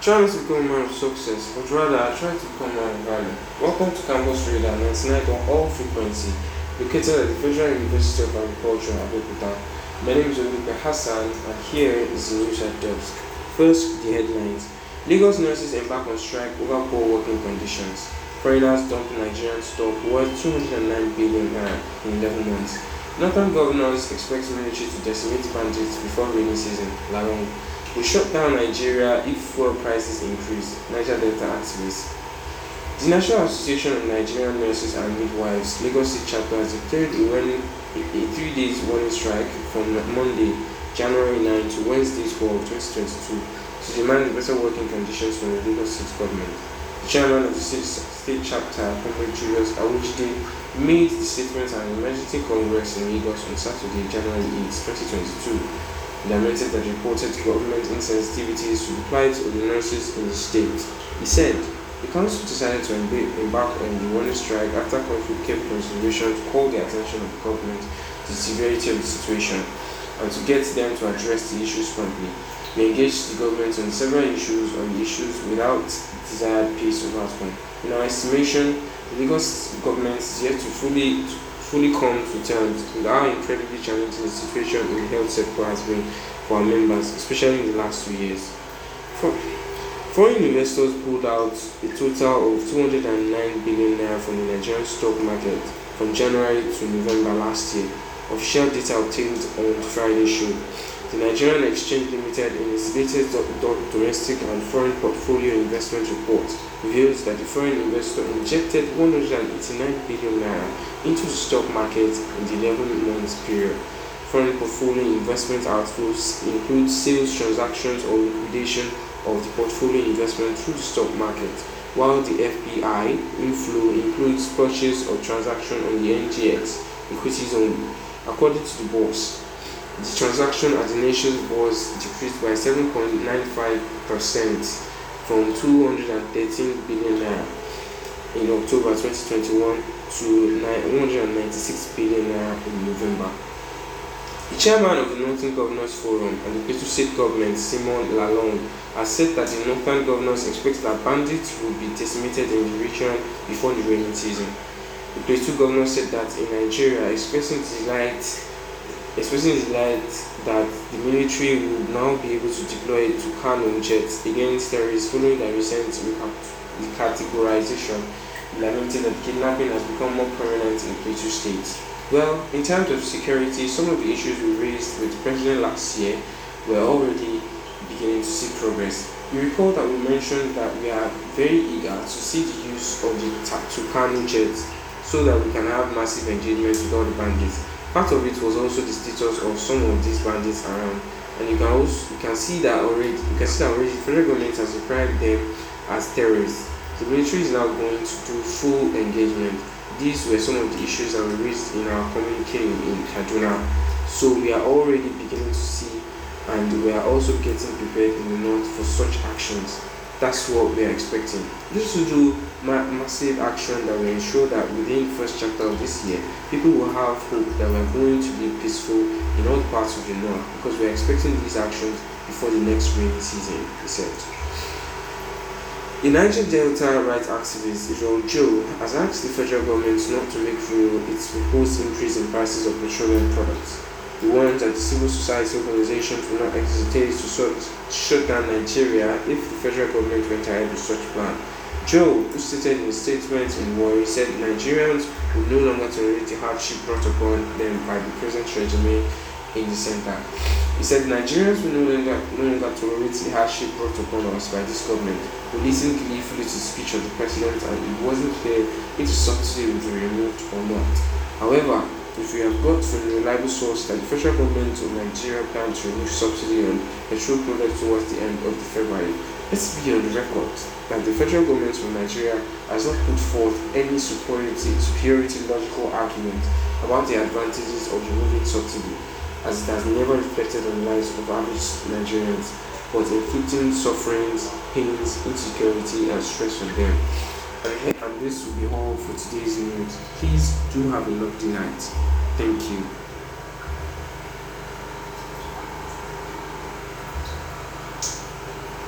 Try to become a man of success, but rather I try to become a man of value. Welcome to Campus Radar 99 on all frequency, located at the Federal University of Agriculture, Abeokuta. My name is Olupe Hassan, and here is the news at dusk. First, the headlines. Lagos nurses embark on strike over poor working conditions. Foreigners dump Nigerian stock worth 209 billion naira in 11 months. Northern governors expect military to decimate bandits before rainy season. Larong will shut down Nigeria if fuel prices increase, Niger Delta activists. The National Association of Nigerian Nurses and Midwives, Lagos State Chapter, has declared a, warning, a three days warning strike from Monday, January 9 to Wednesday, 12, 2022 to demand better working conditions from the Lagos State government. The chairman of the state, state chapter, Comrade Julius Awujide, made the statement at an emergency congress in Lagos on Saturday, January 8, 2022 narrated that reported government insensitivities to the plight of the nurses in the state. He said, the council decided to embark on the warning strike after conflict came to call the attention of the government to the severity of the situation and to get them to address the issues promptly. We engaged the government on several issues on the issues without desired peace of outcome. In our estimation, the Lagos government is yet to fully fully come to terms with how incredibly challenging the situation in the health sector has been for our members, especially in the last two years. Foreign investors pulled out a total of 209 billion naira from the Nigerian stock market from January to November last year, official data obtained on Friday showed. The Nigerian Exchange Limited in its latest domestic and foreign portfolio investment report reveals that the foreign investor injected 189 billion naira into the stock market in the 11 months period. Foreign portfolio investment outflows include sales transactions or liquidation of the portfolio investment through the stock market, while the FPI inflow includes purchase or transaction on the NGX equities only, According to the boss, the transaction at the nation was decreased by 7.95% from 213 billion naira in October 2021 to 196 billion naira in November. The chairman of the Northern Governors Forum and the Plateau State Government, Simon Lalong, has said that the Northern Governors expect that bandits will be decimated in the region before the rainy season. The Plateau Governor said that in Nigeria, expressing delight expressing his delight that the military would now be able to deploy to Kano jets against terrorists following the recent recategorization, lamenting that kidnapping has become more prominent in Plateau State. Well, in terms of security, some of the issues we raised with the president last year were already beginning to see progress. You recall that we mentioned that we are very eager to see the use of the Tukano jets so that we can have massive engagements with all the bandits. Part of it was also the status of some of these bandits around. And you can also you can see that already you can see that already the federal government has described them as terrorists. The military is now going to do full engagement. These were some of the issues that we raised in our communique in Kaduna. So we are already beginning to see and we are also getting prepared in the north for such actions. That's what we are expecting. This will do ma- massive action that will ensure that within first chapter of this year, people will have hope that we're going to be peaceful in all parts of the north because we're expecting these actions before the next rainy season, he said. The Niger Delta rights activist Israel Joe has asked the federal government not to make real its proposed increase in prices of petroleum products the ones that civil society organizations will not hesitate to sort, shut down Nigeria if the federal government went ahead with such plan. Joe, who stated in a statement in Warri, said Nigerians will no longer tolerate the hardship brought upon them by the present regime in the center. He said Nigerians will no longer, no longer tolerate the hardship brought upon us by this government. We listened gleefully to the speech of the president and it wasn't clear if the subsidy would be removed or not. However, if we have got from a reliable source that the federal government of Nigeria plans to remove subsidy on petrol products towards the end of the February, let's be on record that the federal government of Nigeria has not put forth any superiority, superiority logical argument about the advantages of removing subsidy, as it has never reflected on the lives of average Nigerians, but inflicting sufferings, pains, insecurity, and stress on them. And this will be all for today's news. Please do have a lovely night. Thank you.